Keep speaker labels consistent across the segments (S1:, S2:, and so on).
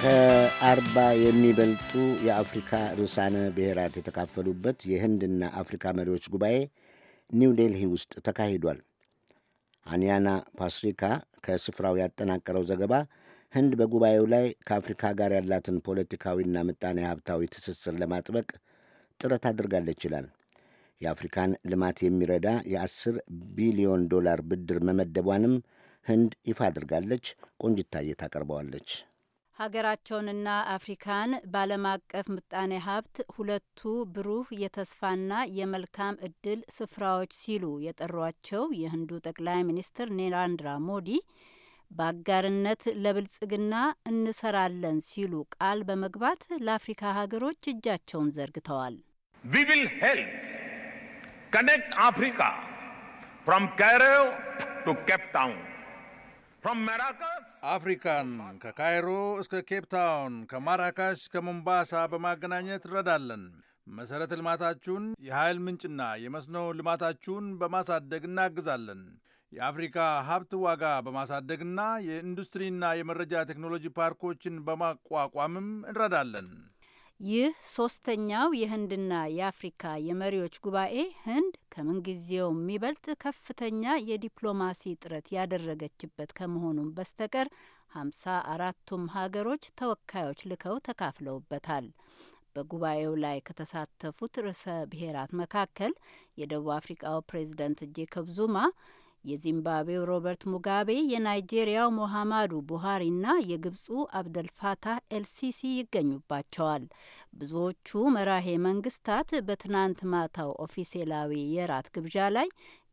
S1: ከአርባ የሚበልጡ የአፍሪካ ርዕሳነ ብሔራት የተካፈሉበት የህንድና አፍሪካ መሪዎች ጉባኤ ኒው ዴልሂ ውስጥ ተካሂዷል። አንያና ፓስሪካ ከስፍራው ያጠናቀረው ዘገባ ህንድ በጉባኤው ላይ ከአፍሪካ ጋር ያላትን ፖለቲካዊና ምጣኔ ሀብታዊ ትስስር ለማጥበቅ ጥረት አድርጋለች ይላል። የአፍሪካን ልማት የሚረዳ የአስር ቢሊዮን ዶላር ብድር መመደቧንም ህንድ ይፋ አድርጋለች። ቆንጅታዬ ታቀርበዋለች። ሀገራቸውንና አፍሪካን በዓለም አቀፍ ምጣኔ ሀብት ሁለቱ ብሩህ የተስፋና የመልካም እድል ስፍራዎች ሲሉ የጠሯቸው የህንዱ ጠቅላይ ሚኒስትር ኔራንድራ ሞዲ በአጋርነት ለብልጽግና እንሰራለን ሲሉ ቃል በመግባት ለአፍሪካ ሀገሮች እጃቸውን ዘርግተዋል። ዊ ዊል
S2: ሄልፕ ከኔክት አፍሪካ ፍሮም ካይሮ ቱ ኬፕ ታውን ፍሮም አፍሪካን ከካይሮ እስከ ኬፕ ታውን ከማራካሽ ከሞምባሳ በማገናኘት እንረዳለን። መሠረተ ልማታችሁን የኃይል ምንጭና የመስኖ ልማታችሁን በማሳደግ እናግዛለን። የአፍሪካ ሀብት ዋጋ በማሳደግና የኢንዱስትሪና የመረጃ ቴክኖሎጂ ፓርኮችን በማቋቋምም እንረዳለን።
S1: ይህ ሶስተኛው የህንድና የአፍሪካ የመሪዎች ጉባኤ ህንድ ከምንጊዜው የሚበልጥ ከፍተኛ የዲፕሎማሲ ጥረት ያደረገችበት ከመሆኑም በስተቀር ሀምሳ አራቱም ሀገሮች ተወካዮች ልከው ተካፍለውበታል። በጉባኤው ላይ ከተሳተፉት ርዕሰ ብሔራት መካከል የደቡብ አፍሪካው ፕሬዚደንት ጄኮብ ዙማ የዚምባብዌው ሮበርት ሙጋቤ፣ የናይጄሪያው ሞሐማዱ ቡሃሪና የግብፁ አብደልፋታህ ኤልሲሲ ይገኙባቸዋል። ብዙዎቹ መራሄ መንግስታት በትናንት ማታው ኦፊሴላዊ የራት ግብዣ ላይ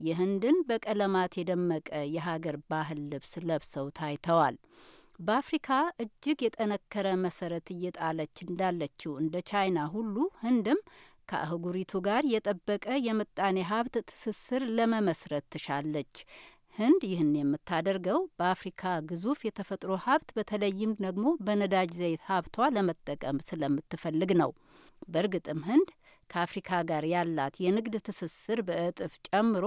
S1: የህንድን በቀለማት የደመቀ የሀገር ባህል ልብስ ለብሰው ታይተዋል። በአፍሪካ እጅግ የጠነከረ መሰረት እየጣለች እንዳለችው እንደ ቻይና ሁሉ ህንድም ከአህጉሪቱ ጋር የጠበቀ የምጣኔ ሀብት ትስስር ለመመስረት ትሻለች። ህንድ ይህን የምታደርገው በአፍሪካ ግዙፍ የተፈጥሮ ሀብት በተለይም ደግሞ በነዳጅ ዘይት ሀብቷ ለመጠቀም ስለምትፈልግ ነው። በእርግጥም ህንድ ከአፍሪካ ጋር ያላት የንግድ ትስስር በእጥፍ ጨምሮ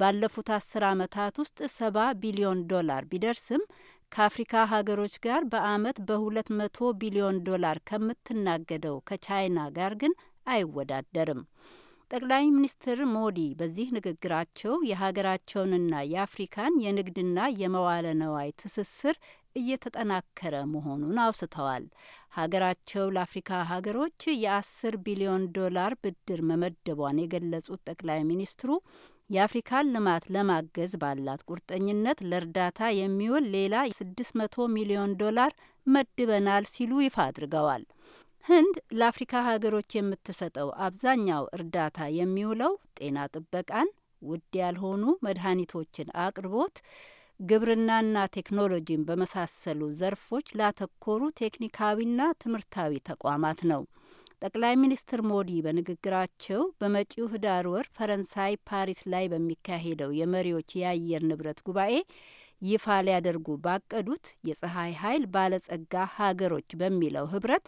S1: ባለፉት አስር ዓመታት ውስጥ ሰባ ቢሊዮን ዶላር ቢደርስም ከአፍሪካ ሀገሮች ጋር በአመት በሁለት መቶ ቢሊዮን ዶላር ከምትናገደው ከቻይና ጋር ግን አይወዳደርም። ጠቅላይ ሚኒስትር ሞዲ በዚህ ንግግራቸው የሀገራቸውንና የአፍሪካን የንግድና የመዋለ ነዋይ ትስስር እየተጠናከረ መሆኑን አውስተዋል። ሀገራቸው ለአፍሪካ ሀገሮች የአስር ቢሊዮን ዶላር ብድር መመደቧን የገለጹት ጠቅላይ ሚኒስትሩ የአፍሪካን ልማት ለማገዝ ባላት ቁርጠኝነት ለእርዳታ የሚውል ሌላ ስድስት መቶ ሚሊዮን ዶላር መድበናል ሲሉ ይፋ አድርገዋል። ህንድ ለአፍሪካ ሀገሮች የምትሰጠው አብዛኛው እርዳታ የሚውለው ጤና ጥበቃን፣ ውድ ያልሆኑ መድኃኒቶችን አቅርቦት፣ ግብርናና ቴክኖሎጂን በመሳሰሉ ዘርፎች ላተኮሩ ቴክኒካዊና ትምህርታዊ ተቋማት ነው። ጠቅላይ ሚኒስትር ሞዲ በንግግራቸው በመጪው ህዳር ወር ፈረንሳይ ፓሪስ ላይ በሚካሄደው የመሪዎች የአየር ንብረት ጉባኤ ይፋ ሊያደርጉ ባቀዱት የፀሐይ ኃይል ባለጸጋ ሀገሮች በሚለው ህብረት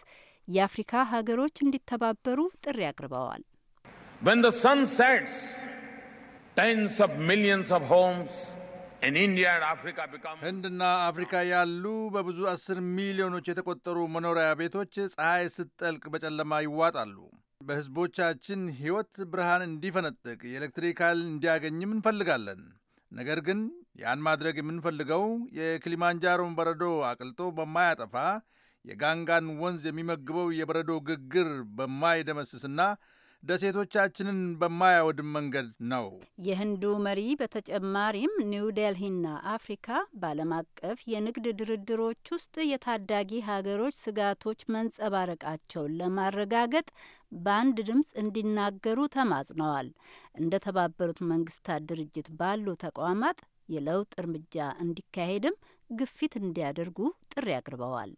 S1: የአፍሪካ ሀገሮች እንዲተባበሩ ጥሪ አቅርበዋል።
S2: ህንድና አፍሪካ ያሉ በብዙ አስር ሚሊዮኖች የተቆጠሩ መኖሪያ ቤቶች ፀሐይ ስትጠልቅ በጨለማ ይዋጣሉ። በህዝቦቻችን ህይወት ብርሃን እንዲፈነጥቅ የኤሌክትሪክ ኃይል እንዲያገኝም እንፈልጋለን። ነገር ግን ያን ማድረግ የምንፈልገው የክሊማንጃሮን በረዶ አቅልጦ በማያጠፋ የጋንጋን ወንዝ የሚመግበው የበረዶ ግግር በማይደመስስና ደሴቶቻችንን በማያወድም መንገድ ነው።
S1: የህንዱ መሪ በተጨማሪም ኒው ዴልሂና አፍሪካ በዓለም አቀፍ የንግድ ድርድሮች ውስጥ የታዳጊ ሀገሮች ስጋቶች መንጸባረቃቸውን ለማረጋገጥ በአንድ ድምፅ እንዲናገሩ ተማጽነዋል። እንደ ተባበሩት መንግስታት ድርጅት ባሉ ተቋማት የለውጥ እርምጃ እንዲካሄድም ግፊት እንዲያደርጉ ጥሪ አቅርበዋል።